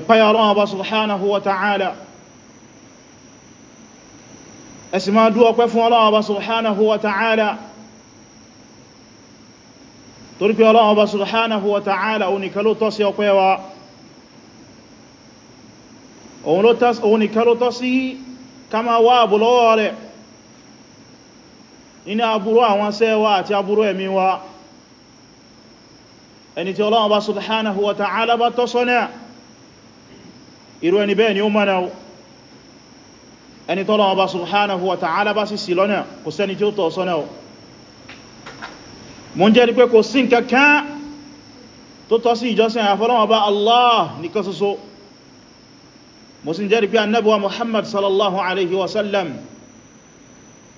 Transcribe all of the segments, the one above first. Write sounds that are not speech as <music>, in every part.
ẹ̀páyà ọlọ́wọ́ bá subhanahu wa ta'ala ẹ̀sì máa dú ọpẹ́ fún ọlọ́wọ́ bá subhanahu wa ta'ala torí pé ọlọ́wọ́ bá subhanahu wa ta'ala òun nìkan ló tọ́ sí ọpẹ́ wa òun nìkan tọ́ sí ká máa wá ẹni tí ọlọ́wọ́ bá subhanahu wa ta'ala bá tọ́ irú ẹni bẹ́ẹ̀ ni ó mọ́nà ẹni tọ́lọ ọba subhanahu wa ta'ala bá sì sí lọ́nà kò sẹ́ni tí ó tọ́ sọ́nà o mo ń jẹ́ pé kò sí nǹkankan tó tọ́ sí ìjọsìn àfọ́lọ́wọ́ bá Allah nìkan ṣoṣo mo sì ń jẹ́ pé annabuwa Muhammad sallallahu alaihi wasallam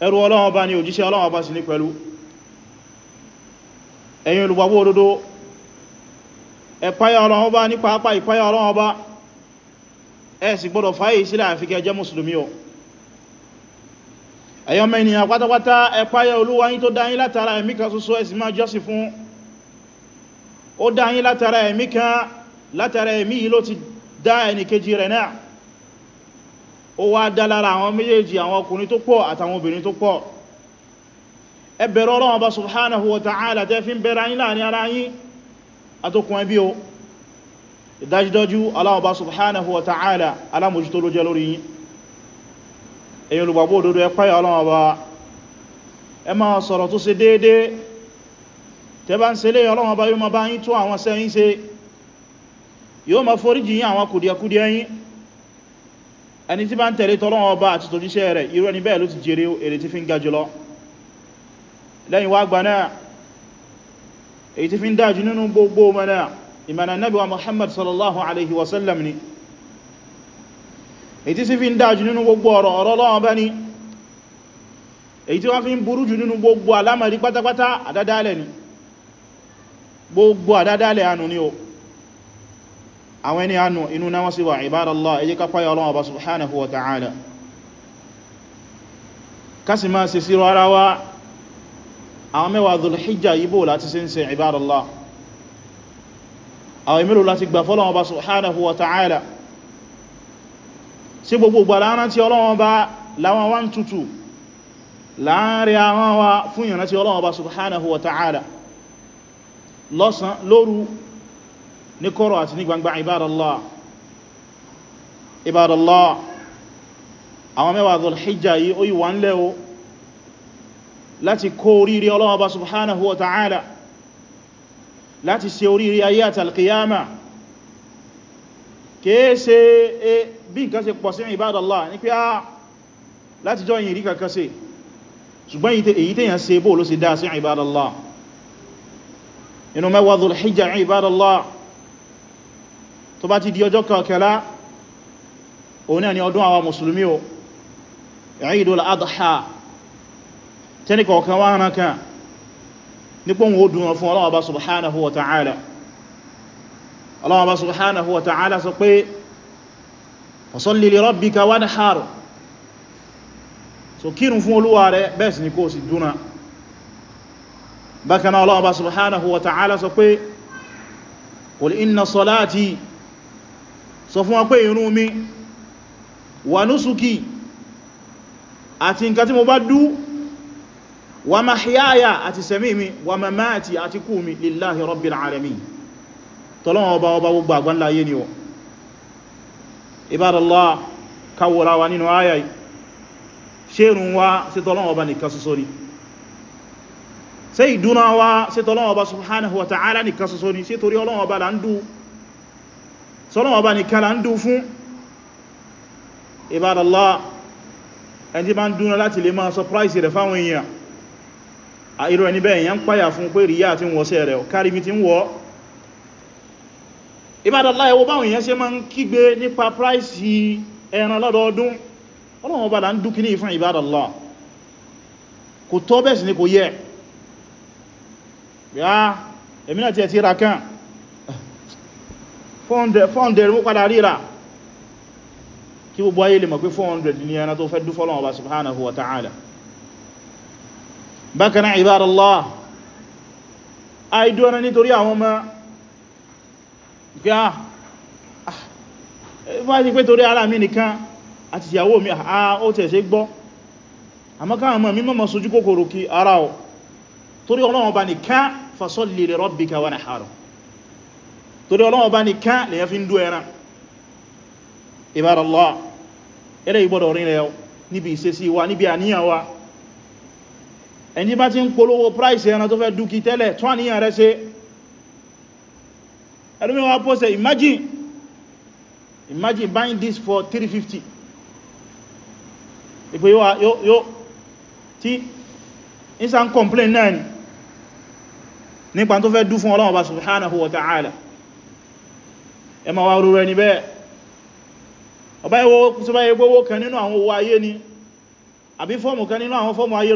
ẹrú Ọlọ́hun bá ní pàápàá ìpáyà Ọlọ́hun bá ẹ sì gbọ́dọ̀ fàáyì sílẹ̀ àfikẹ́ jẹ́ mùsùlùmí o ẹ̀yọ́ mẹ́niyàn pátápátá ẹ páyà Olúwa yín tó dáyín látara ẹ̀mí kan ṣoṣo ẹ sì máa jọ́sìn fún ó dáyín látara ẹ̀mí kan látara ẹ̀mí yìí ló ti dá ẹnìkejì rẹ̀ náà ó wá dá lára àwọn méjèèjì àwọn ọkùnrin tó pọ̀ àtàwọn obìnrin tó pọ̀ ẹ bẹ̀rẹ̀ Ọlọ́run subhanahu wa ta'ala tẹ́ fi ń bẹ̀rẹ̀ yín láàrin ara yín àtòkùn ẹbí o ìdájúdájú Allahu Ọba subhanahu wa ta'ala alámòjútó ló jẹ́ lórí yín èyí olùgbàgbọ́ òdodo ẹpáyà Allahu Ọba ẹ máa sọ̀rọ̀ tó ṣe déédé tẹbá ń ṣe lé Allahu Ọba yóò máa bá yín tó àwọn sẹ́yìn ṣe yóò máa foríjì yín àwọn kùdìẹ̀kùdìẹ̀ yín ẹni tí bá ń tẹ̀lé tỌlọ́hun Ọba ìmọ̀nà nabi wa muhammad sallallahu alaihi wasallam ni èyí tí sí fi ń dájú nínú gbogbo ọ̀rọ̀ ọ̀rọ̀ Ọlọ́run bá ní èyí tí wọ́n fi ń burú jù nínú gbogbo alámàrí pátápátá àdádálẹ̀ ni gbogbo àdádálẹ̀ ànù ni o àwọn ẹni ànù inú náà wọ́n sí wà ibadallah ẹ jẹ́ àwọn ìmìlò láti gbà fọ́lọ́wọ́n bá subhanahu wa ta'ala sí gbogbo gbà láàrín tí ọlọ́wọ́n bá láwọn wá ń tutù láàrín àwọn wa fún ìrìn tí ọlọ́wọ́n bá subhanahu wa ta'ala lọ́sàn lóru ní kọ̀rọ̀ àti ní gbangba ibadallah láti ṣe oríire ayé àtàlkìyàmà kìí ṣe e, bí nǹkan ṣe pọ̀ sí ìbádọ́lá ní pé á láti jọ ìrìn kankan ṣe ṣùgbọ́n èyí tèyàn ṣe bó ló ṣe dá sí ìbádọ́lá inú mẹ́wàá Dhul-Hijjah ìbádọ́lá tó bá ti di ọjọ́ kọkànlá òun nípòhùn ó dùn fún Ọlọ́run Ọba subhanahu wa ta'ala Ọlọ́run Ọba subhanahu wa ta'ala sọ pé fasalli li rabbika wanhar so kírun fún Olúwa rẹ̀ bẹ́ẹ̀ sì ni kó sì dúnà bákan náà Ọlọ́run Ọba wa ta'ala sọ pé qul inna salati sọ fún wa pé irun mi wa nusuki àti nǹkan tí mo bá dú wa mahyaya àti sẹ̀mí mi wa mamati àti kú mi lillahi rabbil alamin tọ́lọ́wọ́ ọba ọba gbogbo àgbà ńlá ayé ni wọ ibadallah kawura wa nínú ayayi ṣerun wa sí tọ́lọ́wọ́ ọba nìkan ṣoṣo ni ṣe wa sí tọ́lọ́wọ́ ọba subhanahu wa ta'ala nìkan ṣoṣo ni sí torí ọlọ́wọ́ ọba nìkan la ń dú fún ibadallah ẹni ma ń dúnà láti lè surprise rẹ̀ fáwọn èèyàn irú ẹni bẹ́ẹ̀ yẹn ń páyà fún pé ríyà tí ń wọ́sẹ̀ rẹ̀ kárí mi ti ń wọ́ ìbádàlá ẹwọ báwọn èèyàn ṣe máa ń kígbe nípa price ẹran lọ́dọọdún ọlọ́run ọba là ń dúkí ni kò yẹ yá èmi náà ti ẹ̀tí ra kán fọ́ndẹ̀rẹ̀ mú padà ríra kí gbogbo ayé lè mọ̀ pé 400 ní ẹran tó fẹ́ dúfọ́lọ́wọ́ bákaná ibadallah àìdúwọ́n nítorí àwọn ọmọ gbá fún àti pé torí ara mi nìkan àti ìyàwó mi àà ah, ah, ó tẹ̀ ṣe gbọ́ àmọ́ká àmọ́ mi mọ́ sojú kòkòrò kí ara ọ̀ torí Ọlọ́run bá nìkan fasalli li rabbika wanhar torí Ọlọ́run bá nìkan lèyàn fi ń dú ẹran ibadallah ẹ̀rẹ́ ẹni bá ti ń polówó price ẹran tó fẹ́ dúkì tẹ́lẹ̀ tó wà níyàn rẹ̀ ṣe ẹlúmíwá pọ́sẹ̀ imagine imagine buying this for 350 ìpé yóò yóò tí ìsà ń complain náà ni nípa tó fẹ́ dú fún Ọlọ́run Ọba subhanahu wa ta'ala ẹ ma wá rú rẹ ni bẹ́ẹ̀ ọba ìwọ́ kan nínú àwọn owó ayé ni àbí fọ́ọ̀mù kan nínú àwọn fọ́ọ̀mù ayé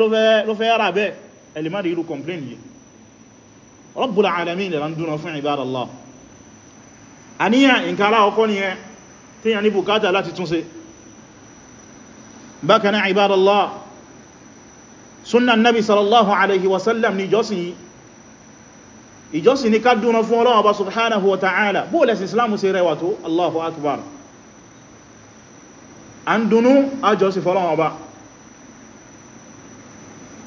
ló fẹ́ yára bẹ́ ẹlìmọ́dì irú complain yìí Rabbul alamin lè rándúnà fún ibadallah àníyàn nǹkan aláwọ̀kọ́ ni ẹ tí yà ní bùkátà láti túnṣe bákaná ibadallah sunan nabi sallallahu alaihi wasallam ni ìjọsìn yìí ìjọsìn ni kádúnà fún Ọlọ́run Ọba subhanahu wa ta'ala bóòlẹ̀ islamu sí fọ́lọ́wọ́ ba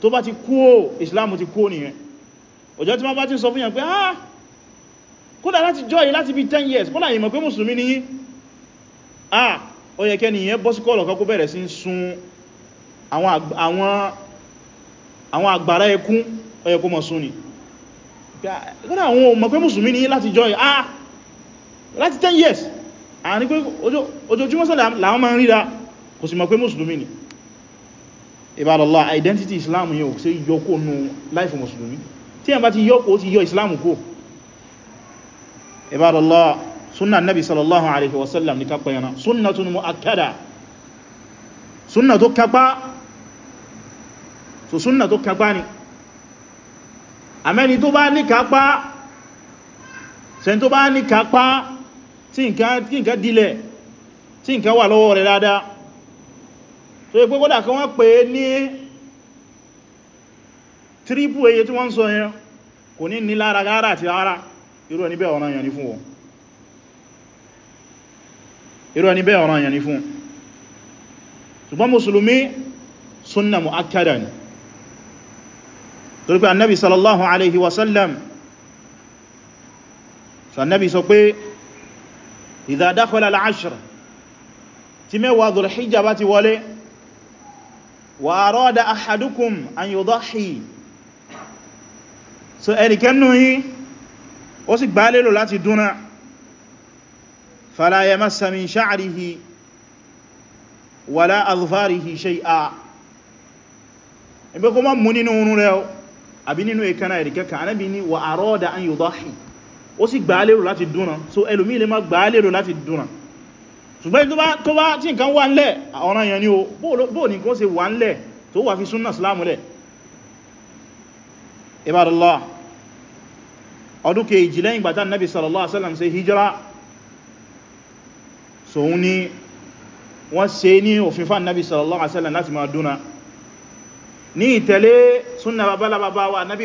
tó bá ti kúò islam ti kúò nìyẹn ọjọ́ tí ma bá ti sọ fún yàn pé ah kódà láti jọ yìí láti bí 10 years kódà yìí mọ̀ pé mùsùlùmí ni yín ah ó yẹ kẹ́ nìyẹn bọ́ sí kọ́ọ̀lọ̀ kan kó bẹ̀rẹ̀ sí sun àwọn àgbàrá ẹkún ó yẹ kó mọ̀ sun ni kódà àwọn mọ̀ pé mùsùlùmí ni yín láti jọ yìí ah láti 10 years àní pé ojoojúmọ́sọ̀ làwọn máa ń ríra kò sì mọ̀ pé ibadallah identity islam yóò ṣe yọkó nù láìfù mùsùlùmí tí yẹn bá ti yọkó ti yọ islam kó ibadallah sunna nabi sallallahu alaihi wasallam ní kápá yana sunnatun mu'akkada sunna tó kápá so sunna tó kápá ni àmẹ́ni tó bá ní kápá ṣe tó bá ní kápá tí nǹkan dílẹ̀ tí nǹkan wà lọ́wọ́ rẹ̀ dáadáa so ipé kódà kí wọ́n pè é ní tírípù eye tí wọ́n ń sọ yẹn kò ní ní lára gára àti ara irú ẹni bẹ́ẹ̀ ọ̀ranyàn ni fún wọn irú ẹni bẹ́ẹ̀ ọ̀ranyàn ni fún annabi sallallahu alaihi wasallam sannabi sọ pé idha dakhala al mẹ́wàá dhul hijja ti wọlé wa arada ahadukum an yudahi so ẹnikẹ́nu yí ó sì gbá lélò láti dúnà fala yamassa min sha'rihi wala azfarihi shay'a ẹgbẹ́ kó má mú nínú oorun rẹ̀ àbí nínú ìkánná ẹ̀rìkẹ́kà anábi ni wa arada an yudahi ó sì gbá lélò láti dúnà so ẹlòmí lè má gbá lélò láti dúnà ṣùgbọ́n tó bá tí nǹkan wà ńlẹ̀ ọ̀ràn yẹn ni o bóò ní kó ṣe wà ńlẹ̀ tó wà fi súnnà islamu lẹ̀ ibadallah ọdún kejì lẹ́yìn gbàtà nabi sallallahu alaihi wasallam ṣe hijira so ní wọ́n ṣe ní òfin fún nabi sallallahu alaihi wasallam láti máa dúnà ní ìtẹ̀lé súnnà babalababa wa nabi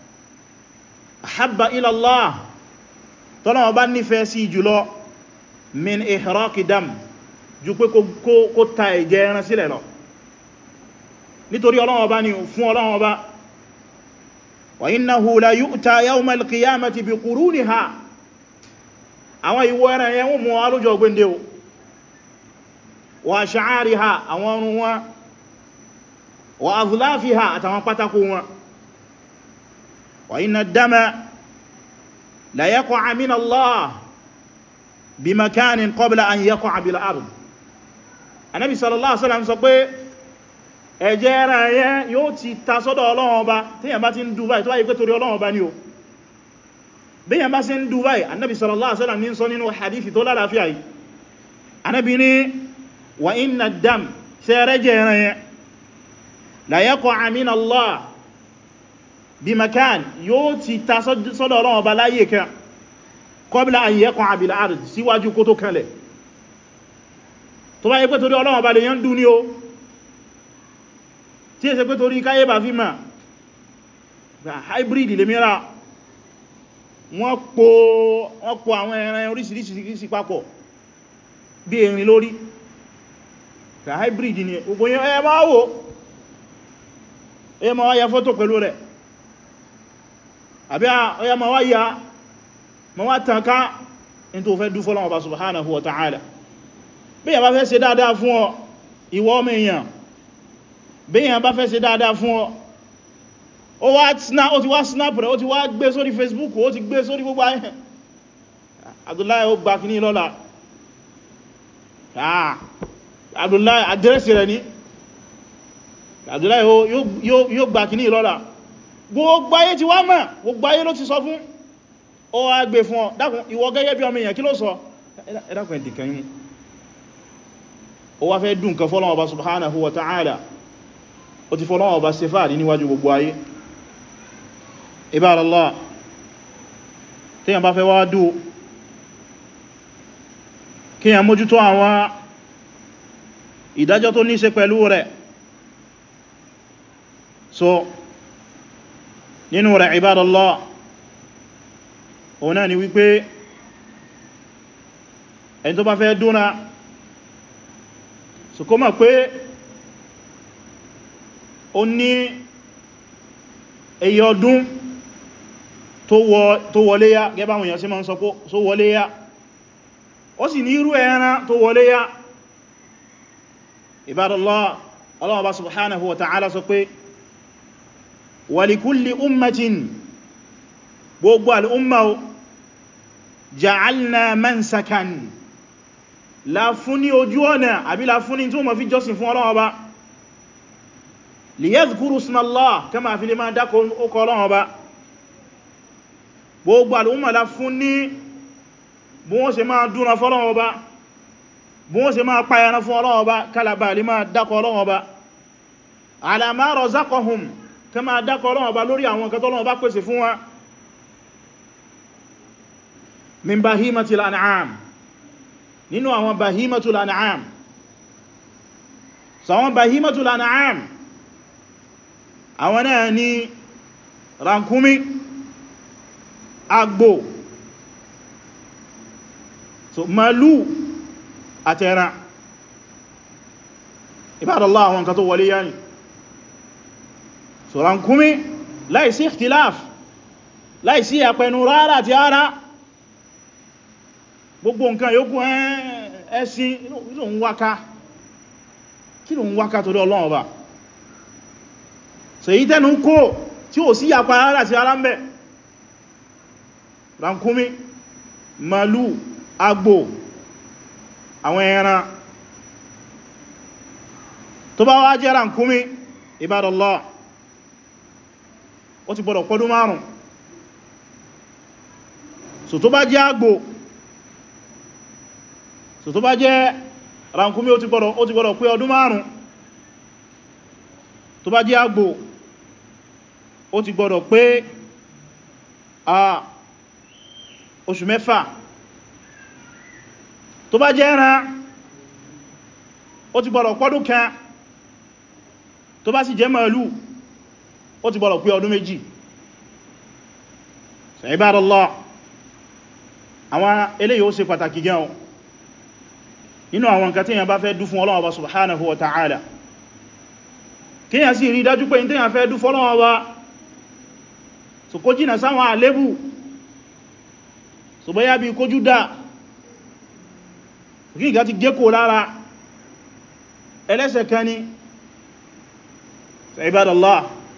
ahabba ilallah tọ́lọ́wọ́ bá nífẹ̀ẹ́ sí jùlọ min ihraqi dam ju pé kó ta ẹ̀jẹ̀ ẹran sílẹ̀ lọ nítorí ọlọ́wọ́ bá ní fún ọlọ́wọ́ bá wa innahu la yu'ta yawma al-qiyamati bi quruniha àwọn ìwọ ẹran yẹn mú alójọ gbẹ́ndẹ̀ wa sha'ariha àwọn ọrùn wọn wa adhlafiha àtàwọn pátákó wọn وإن الدم لا يقع من الله بمكان قبل أن يقع بالأرض النبي صلى الله عليه وسلم sọ pé ẹ̀jẹ̀ ara yẹn yóò ti ta sọ́dọ̀ Ọlọ́run Ọba téèyàn bá ti ń dù báyìí tó báyìí pé torí Ọlọ́run ni o béèyàn bá sì ń dù báyìí Ànábì sallallahu alaihi ní sọ nínú hadithi tó lálàáfíà yìí Ànábì ní wa inna dam sẹ́rẹ́jẹ̀ ẹran bí makan yóò ti ta sọ́dọ̀ ọlọ́run ọba láyé kan kọbílá àyẹ́kùn àbìlá àrùn síwájú kó tó kanlẹ̀ tó bá yẹ pé torí ọlọ́run ọba lè yán dún ní o tí è ṣe pé torí káyé bá fi ma gba hybrid lè mìíra wọ́n po àwọn ẹran oríṣiríṣi papọ̀ bí erin lórí gba hybrid ni gbogbo yẹn ẹ máa wò ẹ máa ya fọ́tò pẹ̀lú àbí ọya ma wá ya ma wá tànká in tó fẹ́ dú fọ́lọ́wọ́ bá subhanahu wa ta'ala bí yàn bá fẹ́ ṣe dáadáa fún ọ ìwọ ọmọ èèyàn bí yàn bá fẹ́ ṣe dáadáa fún ọ ó ti wá snap rẹ̀ ó ti wá gbé sórí facebook ó ti gbé sórí gbogbo ayẹ́ Abdullahi ó gbá kìíní lọ́la ah, Abdullahi àdírẹ́sì rẹ̀ ní lọ́la gbogbo ayé ti wá mọ̀ gbogbo ayé ló ti sọ fún ó wá gbé fún ọ dákun ìwọ gẹ́gẹ́ bí ọmọ èèyàn kí ló sọ ẹ̀dàkùn ẹ̀dìkan yìí ó wá fẹ́ dùn kan fọ́lọ́wọ́ bá subhanahu wa ta'ala ó ti fọ́lọ́wọ́ bá ṣe fàárí níwájú gbogbo ayé ibáraláà tí yàn bá fẹ́ wá dùn kí yàn mójútó àwọn ìdájọ́ tó ní ṣe pẹ̀lú rẹ̀ so nínú rẹ̀ ibadallah òun náà ni wípé ẹni tó bá fẹ́ dúnà so kó mọ̀ pé ó ní èyí ọdún tó wọlé yá gẹ́bà àwọn èèyàn sí ma ń sọ pé wọlé yá ó sì ní irú ẹran tó wọlé yá ibadallah Allah subhanahu wa ta'ala sọ pé wàlìkúlì ummatin gbogbo al'umma ja'alna mansakan láfúnni ojú ọ̀nà àbí láfúnni tí ó ma fi jọ́sìn fún Ọlọ́run Ọba liyadhkuru ismallah kama fi lè máa dákọ ókọ Ọlọ́run Ọba gbogbo al'umma láfúnni bí wọ́n ṣe máa dúnra fọ́lọ́run Ọba bí wọ́n ṣe máa payana fún Ọlọ́run Ọba kálàbà lè máa dákọ Ọlọ́run Ọba ala ma kan máa dákọ Ọlọ́run ọba lórí àwọn nǹkan tọ́lọ́run bá pèsè fún wa min bahimatil an'am nínú àwọn bahimatul an'am so àwọn bahimatul an'am àwọn náà ni rankumi agbo so màlú àtẹ̀rà ibadallah àwọn nǹkan wọlé yá so rankumi láìsí ikhtilaf láìsí àpẹnu rárá ti ara gbogbo nǹkan yóò kún ẹ̀sìn ló ń wáká kí ló ń wáká torí Ọlọ́run Ọba so yí tẹ́nu kó tí ó sí àpá rárá ti ara ń bẹ̀ rankumi màlú àgbò àwọn ẹran tó bá wá jẹ́ rankumi ó ti gbọ́dọ̀ pọ́dún márùn so tó bá jẹ́ àgbò so tó bá jẹ́ rankumi ó ti gbọ́dọ̀ pé ọdún márùn tó bá jẹ́ àgbò ó ti gbọ́dọ̀ pé a oṣù mẹ́fà tó bá jẹ́ ẹran ó ti gbọ́dọ̀ pọ́dún kan tó bá sì jẹ́ màálù ó ti bọ́lọ̀ pé ọdún méjì Ibadallah àwọn eléyìí ó ṣe pàtàkì gan nínú àwọn nǹkan tí èyàn bá fẹ́ dú fún Ọlọ́run Ọba subhanahu wa ta'ala kí èyàn sì rí dájú pé ní tèyàn fẹ́ dú fún Ọlọ́run Ọba so kó jìnà sáwọn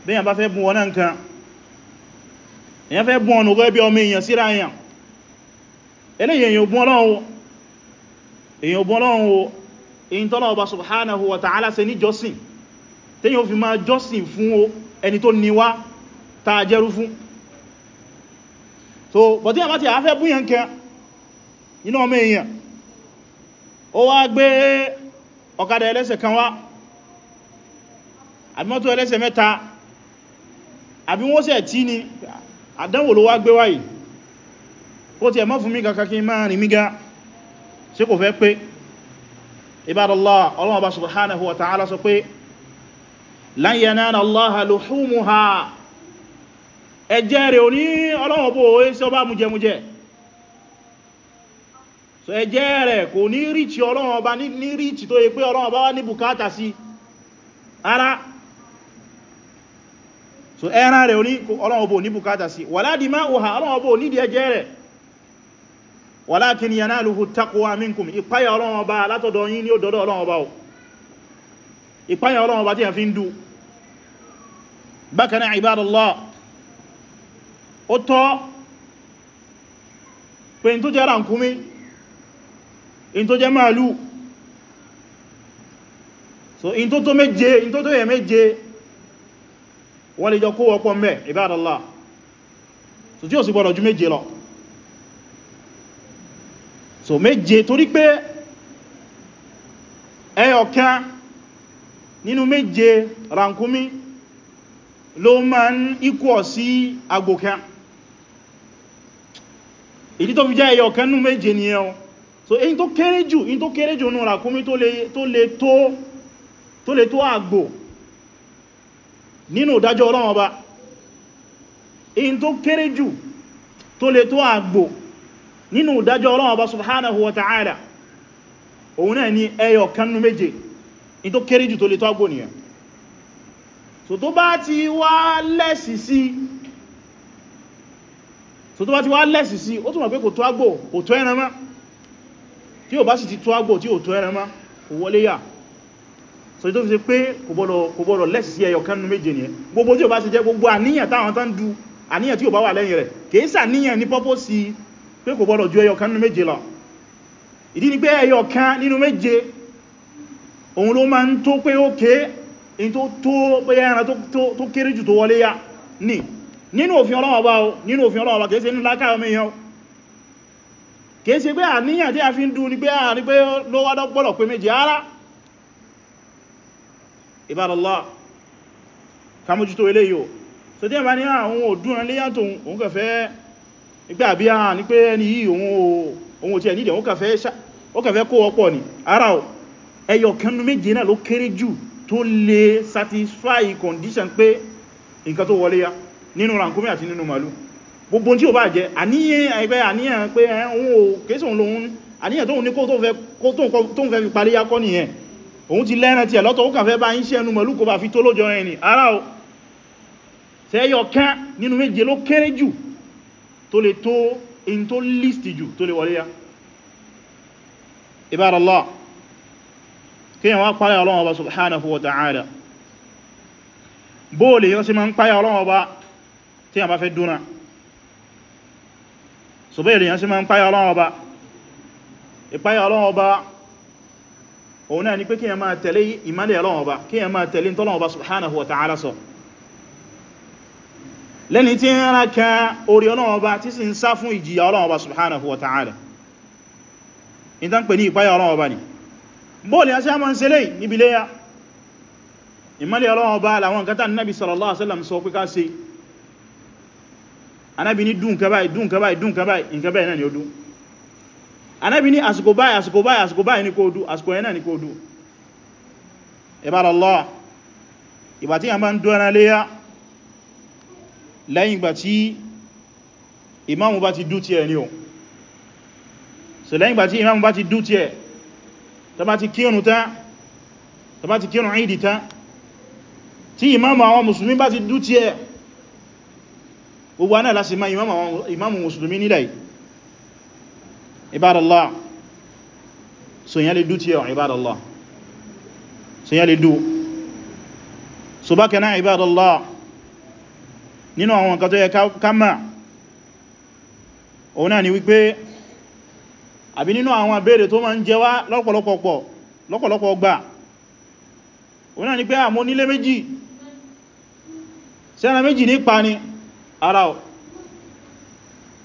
bẹ́yàn bá fẹ́ bùn ọ̀nà nǹkan èyàn fẹ́ bùn ọ̀nà gẹ́gẹ́ bí ọmọ èyàn síra èyàn eléyìn èyàn bùn Ọlọ́run èyàn bùn Ọlọ́run o èyí tọ́lọ̀ ta jẹ́rú so bọ̀tí àmá ti àáfẹ́ bú yẹn kẹ inú ọmọ èèyàn ó wá gbé ọ̀kadà ẹlẹ́sẹ̀ kan wá àbí wọ́n sẹ̀ tí ni àdánwò ló wá gbé wáyìí ó ti ẹ̀mọ́ fún mi kankan kí máa rìn mígá sí kò fẹ́ pé ibadallah Ọlọ́run Ọba subhanahu wa ta'ala sọ pé lan yanala Allaha luhumuha ẹ̀jẹ̀ rẹ̀ oní Ọlọ́run Ọba òwe sí ọba mújẹmújẹ so ẹ̀jẹ̀ rẹ̀ kò ní ríci Ọlọ́run Ọba ní ríci tó yẹ pé Ọlọ́run Ọba wá ní bùkátà sí ara so ẹran rẹ̀ oní ọlọ́wọ́ bó ní bukata sí wala dima'uha ọlọ́wọ́ bó ní díẹ̀ rẹ̀ walakin yanaluhu taqwa minkum ìpáyà ọlọ́wọ́ bá látọ̀dọ̀ yín ní ó dọ́dọ̀ ọlọ́wọ́ bá ìpáyà ọlọ́wọ́ bá tí a fi ń dù bákan náà ibadallah ó tọ́ pé in tó jẹ́ ránkúmí wọ́n lè jọ kó wọ́pọ̀ mẹ́ ibadallah so tí ó sì gbọ́dọ̀ ju méje lọ so méje torí pé ẹyọ̀kan nínú méje rankumi ló máa ń ikọ̀ sí agbòkan ìdí tó fi jẹ́ ẹyọ̀kan nínú méje ni ẹun so èyí tó kéré jù èyí tó kéré jù nínú rankumi to lè tó tó lè tó àgbò nínú ìdájọ́ Ọlọ́run Ọba in tó kéré jù tó lè tó àgbò nínú ìdájọ́ Ọlọ́run Ọba subhanahu wa ta'ala òun náà ni ẹyọ kanú méje in tó kéré jù tó lè tó àgbò nìyàn so tó bá ti wá lẹ́sì sí so tó bá ti wá lẹ́sì sí ó túnmọ̀ pé kò tó àgbò kò tó tí ò bá sì ti tó àgbò tí ò tó kò wọlé yà so tó fi ṣe pé kò gbọ́dọ̀ lẹ́sí ẹyọ kan nínú méje nìyẹn gbogbo tí ó bá ṣe jẹ́ gbogbo àníyàn táwọn tán du àníyàn tí ó bá wà lẹ́yìn rẹ̀ kìí sàníyàn ní pọ́pọ́sí pé kò gbọ́dọ̀ ju ẹyọ kan nínú méje lọ ìdí ni pé ẹyọ kan nínú méje òun ló máa ń tó pé ó ké in tó tó bóyá ẹran tó kéré jù tó wọlé ya ní nínú òfin Ọlọ́run bá o nínú òfin Ọlọ́run bá kìí ṣe nínú lákàá ọmọ èèyàn kìí ṣe pé àníyàn tí a fi ń du ni pé a ní pé ló wádọ́ gbọ́dọ̀ pé méje ara ìbáraláà kàmójútó ilé yóò so tí ẹ bá ní àwọn òdúnran léyà tó òun kẹfẹ́ ìgbà àbí àà ní pé ẹni yìí òun tí ẹ̀ nídẹ̀ ó kẹfẹ́ kó ọpọ̀ ní ara ọ̀ ẹyọ kẹnu méje náà ló kéré jù tó lè satisfy condition pé nǹkan tó wọlé ya nínú rankumi àti nínú màlú gbogbo tí ó bá jẹ́ àníyàn ẹgbẹ́ àníyàn pé ẹ̀hún o kéèsùn lòun àníyàn tó ń ní kó tó ń fẹ́ fi parí yá kọ́ òun ti lẹ́ran tí ẹ̀ lọ́tọ̀ ó kàn fẹ́ bá yín ṣẹ́nu mọ̀lú kò bá fi tó lójọ rẹ̀ ni ara o tẹ́yọ kán nínú méje ló kéré jù tó lè tó in tó list jù tó lè wọlé ya ibadallah kíyàn wá páyà Ọlọ́run Ọba subhanahu wa ta'ala bóòlè yíò sí ma ń páyà Ọlọ́run Ọba tí a bá fẹ́ dúnà so bóòlè yíò sí ma ń páyà Ọlọ́run Ọba ìpáyà Ọlọ́run Ọba òun náà ni pé kíyàn máa tẹ̀lé ìmálẹ̀ Ọlọ́run Ọba kíyàn máa tẹ̀lé t'Ọlọ́run Ọba subhanahu wa ta'ala sọ lẹ́ni tí ń rán ká orí Ọlọ́run Ọba tí sì ń sá fún ìjìyà Ọlọ́run Ọba subhanahu wa ta'ala ìtàn pè ní ìpáyà Ọlọ́run Ọba ni bóòlì a sá máa ń ṣẹlẹ̀ níbi léyà ìmálẹ̀ Ọlọ́run làwọn nǹkan tán sọ anábi ní dùn kabai dùn kabai dùn kabai nǹkan náà ni ó dùn anábi ní àsìkò báyìí àsìkò báyìí àsìkò báyìí ní kó dù àsìkò ẹ̀nà ní kó dù ìbáraláà ìgbà tí a máa ń dúnra léyá lẹ́yìn ìgbà tí ìmáàmù bá ti dú ti ẹ̀ ní o so lẹ́yìn ìgbà tí ìmáàmù bá ti dú ti ẹ̀ tó bá ti kírun tán tó bá ti kírun ìdì tán tí ìmáàmù àwọn mùsùlùmí bá ti dú ti ẹ̀ gbogbo anáà lásì máa ìmáàmù mùsùlùmí nílẹ̀ yìí ibadallah so yẹn lè dú tí ẹ̀wọ̀n ibadallah so yẹn lè dú so bákan náà ibadallah nínú àwọn nǹkan tó yẹ kámà òun náà ni wípé àbí nínú àwọn abẹ́rẹ̀ tó máa ń jẹ wá lọ́pọ̀lọpọ̀ lọ́pọ̀lọpọ̀ gbà òun náà ni pé àmọ́ nílé méjì sẹ́ra méjì ní ni ara ọ̀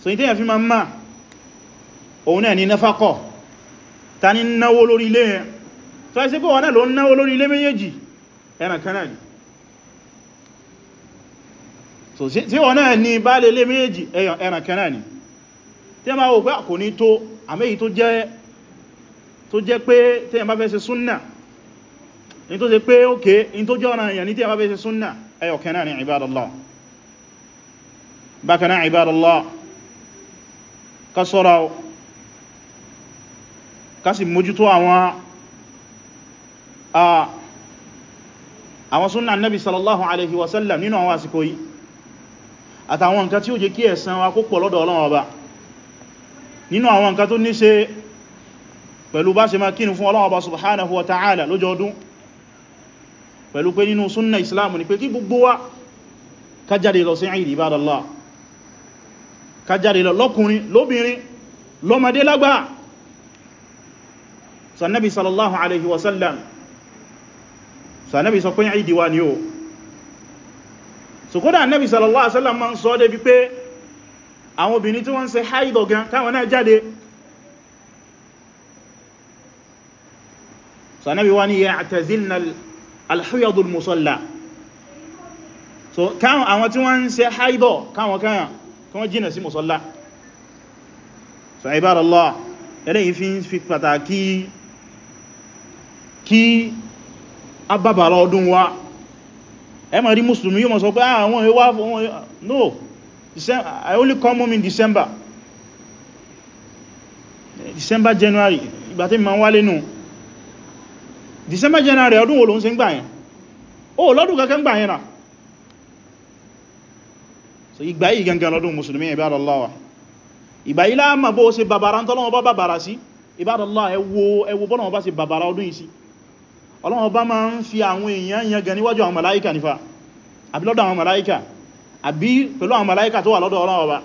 so ìtẹ́yàn fi máa ń máa òun náà ni náfàkọ̀ ta ní náwó lórí ilé yẹn tó ẹ́sí pé wọ́n náà ló ń náwó lórí ilé méjèèjì ẹran náà ni so tí wọ́n náà ní bá lè lé méjèèjì ẹran kan náà ni tí ma wò pé kò ní tó àmẹ́yí tó jẹ́ tó jẹ́ pé tí ẹ bá fẹ́ ṣe súnnà ní tó ṣe pé ókè ní tó jẹ́ ka sọ́ra kásì mójútó àwọn àwọn súnnà annabi sallallahu alaihi wasallam nínú àwọn àsìkò yìí àtàwọn nǹkan tí ó jẹ́ kí ẹ̀san wa kó pọ̀ lọ́dọ̀ Ọlọ́run Ọba nínú àwọn nǹkan tó ní ṣe pẹ̀lú bá ṣe máa kínú fún Ọlọ́run Ọba subhanahu wa kí gbogbo wa ká so annabi sallallahu alaihi wasallam so annabi sọ pé ìdí wa ni o so kódà annabi sallallahu alaihi wasallam ma ń sọ débi pé àwọn obìnrin tí wọ́n ń ṣe haidọ̀ gan káwọn náà jáde so annabi wa ni ya'tazilna alhuyadul musalla so káwọn àwọn tí wọ́n ń ṣe haidọ̀ káwọn káwọn kan kí a bàbàrà ọdún wa ẹ ma rí mùsùlùmí yóò ma sọ pé ah, àwọn ìwá no I only come home in December December January ìgbà tí ma ń wálé December January ọdún wo ló ń ṣe ń gbà yẹn o lọ́dún kankan gbà yẹn so ìgbà yìí gangan lọ́dún mùsùlùmí ìbádọ́láwà ìgbà yìí láàmà bó ṣe bàbàrà ń tọ́lọ́wọ́ bá bàbàrà sí ìbádọ́lá ẹ wò ẹ wò bọ́nà wọ́n bá ṣe bàbàrà ọdún yìí sí ọlọ́wọ́ bá máa ń fi àwọn èèyàn yẹn gan níwájú àwọn màláíkà nífà àbí lọ́dọ̀ àwọn màláíkà àbí pẹ̀lú àwọn màláíkà tó wà lọ́dọ̀ ọlọ́wọ́ bá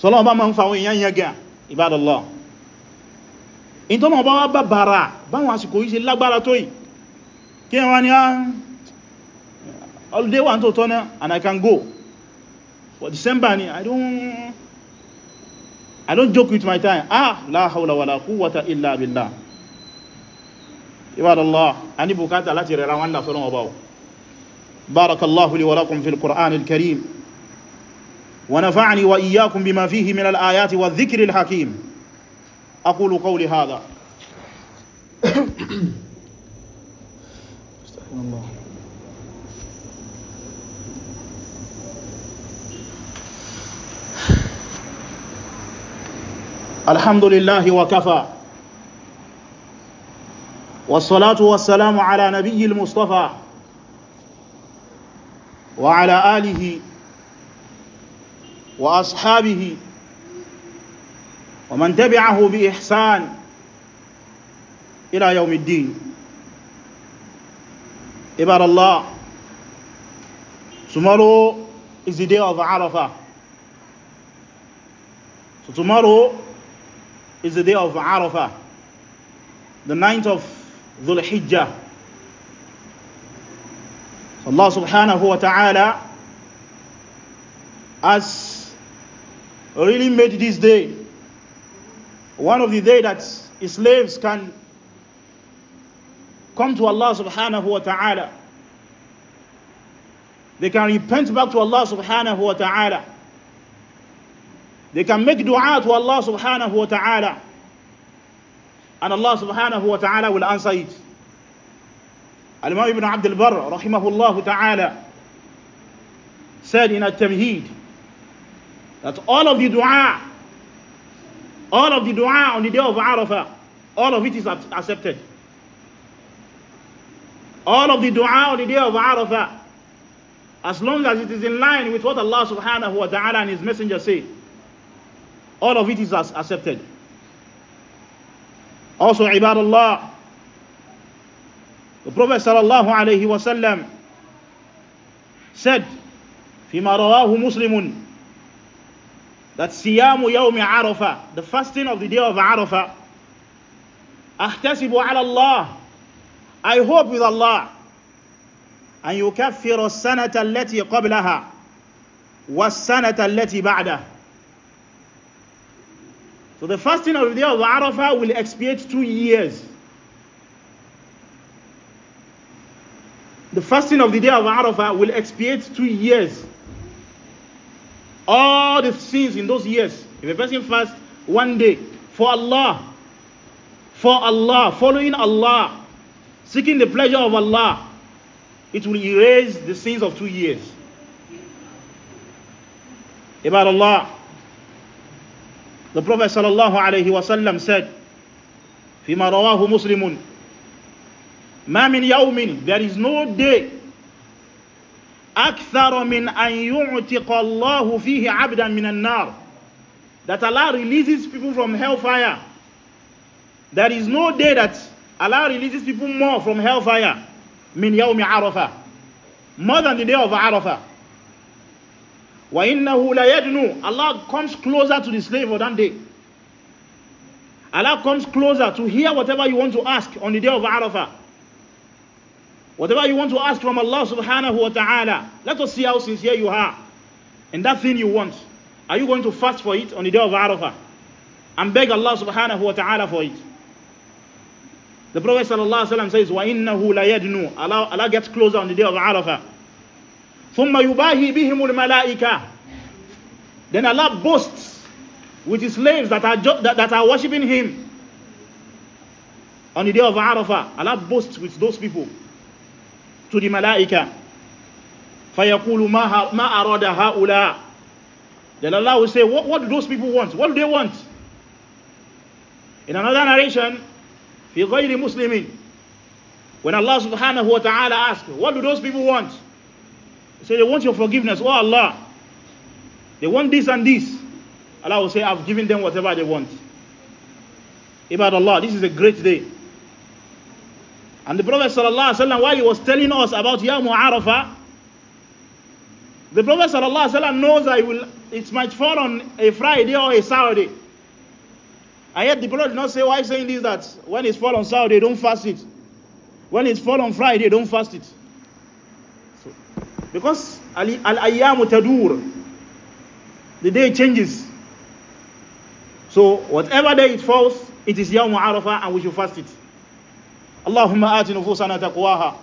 sọlọ́wọ́ bá máa ń fa àwọn èèyàn yẹn gan ìbádọ́lọ́ in tó náà bá bàbàrà báwọn àsìkò yìí ṣe lágbára tó yìí kí ah, and I can go for December I don't I don't joke with my time ah la hawla wala quwwata illa billah ibadallah a ní bùkátà láti rẹ̀ra wọn lásọ́rọ̀ ọba o barakallahu li wa lakum fil qur'an al-karim wa nafa'ani wa iyyakum bima fihi min al-ayati wa dhikri al-hakim aqulu qawli hadha <coughs> astaghfirullah الحمد لله وكفى والصلاة والسلام على نبي المصطفى وعلى آله وأصحابه ومن تبعه بإحسان إلى يوم الدين عباد الله tomorrow is the day of Arafah so tomorrow is the day of Arafah, the ninth of Dhul Hijjah. So Allah subhanahu wa ta'ala has really made this day one of the days that slaves can come to Allah subhanahu wa ta'ala. They can repent back to Allah subhanahu wa ta'ala. They can make dua to Allah subhanahu wa ta'ala and Allah subhanahu wa ta'ala will answer it. Al-Imam ibn Abd al-Barr rahimahullah ta'ala said in At-Tamheed that all of the dua all of the dua on the day of Arafah all of it is accepted. All of the dua on the day of Arafah as long as it is in line with what Allah subhanahu wa ta'ala and his messenger say. all of it is accepted also ibad allah the prophet sallallahu alayhi wa sallam said فيما رواه مسلم that siyamu yawmi arafa the fasting of the day of arafa ahtasibu ala Allah I hope with Allah أن يكفر السنة التي قبلها والسنة التي بعدها So the fasting of the day of Arafah will expiate two years. The fasting of the day of Arafah will expiate two years. All the sins in those years. If a person fasts one day for Allah, for Allah, following Allah, seeking the pleasure of Allah, it will erase the sins of two years. About Allah. The Prophet sallallahu alayhi wa sallam said, فيما رواه مسلم ما من يوم there is no day أكثر من أن يعتق الله فيه عبدا من النار that Allah releases people from hellfire there is no day that Allah releases people more from hellfire من يوم عرفة more than the day of Arafah وَإِنَّهُ لَيَدْنُ Allah comes closer to the slave on that day. Allah comes closer to hear whatever you want to ask on the day of Arafah. Whatever you want to ask from Allah subhanahu wa ta'ala. Let us see how sincere you are. And that thing you want. Are you going to fast for it on the day of Arafah? And beg Allah subhanahu wa ta'ala for it. The Prophet sallallahu alayhi wa sallam says, وَإِنَّهُ لَيَدْنُ Allah, Allah gets closer on the day of Arafah. ثم يباهي بهم الملائكة then Allah boasts with his slaves that are, that, that are worshiping him on the day of Arafah Allah boasts with those people to the malaika فيقول ما, ما أراد هؤلاء then Allah will say what, what do those people want what do they want in another narration في غير مسلمين when Allah subhanahu wa ta'ala asks what do those people want say they want your forgiveness oh Allah they want this and this Allah will say I've given them whatever they want Ibad Allah this is a great day and the Prophet sallallahu alaihi wasallam while he was telling us about Ya Arafah the Prophet sallallahu alaihi wasallam knows that it, will, it might fall on a Friday or a Saturday and yet the Prophet did not say why saying this that when it's fall on Saturday don't fast it when it's fall on Friday don't fast it because al-ayyamu tadur the day changes so whatever day it falls it is yawm arafah and we should fast it اللهم آت نفوسنا تقواها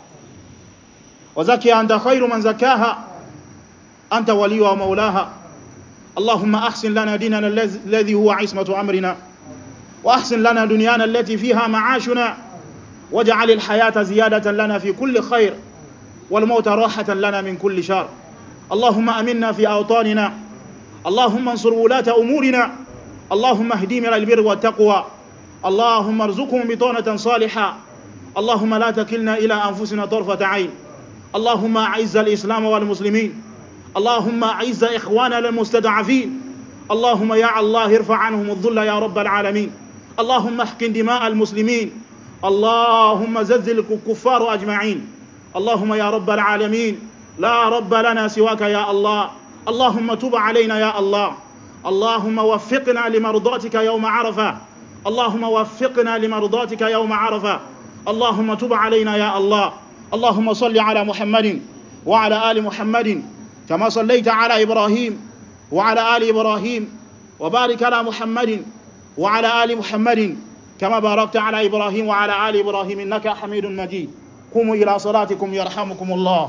وزكي أنت خير من زكاها أنت ولي ومولاها اللهم أحسن لنا ديننا الذي هو عصمة أمرنا وأحسن لنا دنيانا التي فيها معاشنا واجعل الحياة زيادة لنا في كل خير والموت راحة لنا من كل شر اللهم أمنا في أوطاننا اللهم انصر ولاة أمورنا اللهم اهديهم إلى البر والتقوى اللهم ارزقهم بطانة صالحة اللهم لا تكلنا إلى أنفسنا طرفة عين اللهم أعز الإسلام والمسلمين اللهم أعز إخواننا المستضعفين اللهم يا الله ارفع عنهم الظل يا رب العالمين اللهم احقن دماء المسلمين اللهم زلزل الكفار أجمعين اللهم يا رب العالمين لا رب لنا سواك يا الله اللهم تب علينا يا الله اللهم وفقنا لمرضاتك يوم عرفة اللهم وفقنا لمرضاتك يوم عرفة اللهم تب علينا يا الله اللهم صل على محمد وعلى آل محمد كما صليت على إبراهيم وعلى آل إبراهيم وبارك على محمد وعلى آل محمد كما باركت على إبراهيم وعلى آل إبراهيم إنك حميد مجيد قوموا إلى صلاتكم يرحمكم الله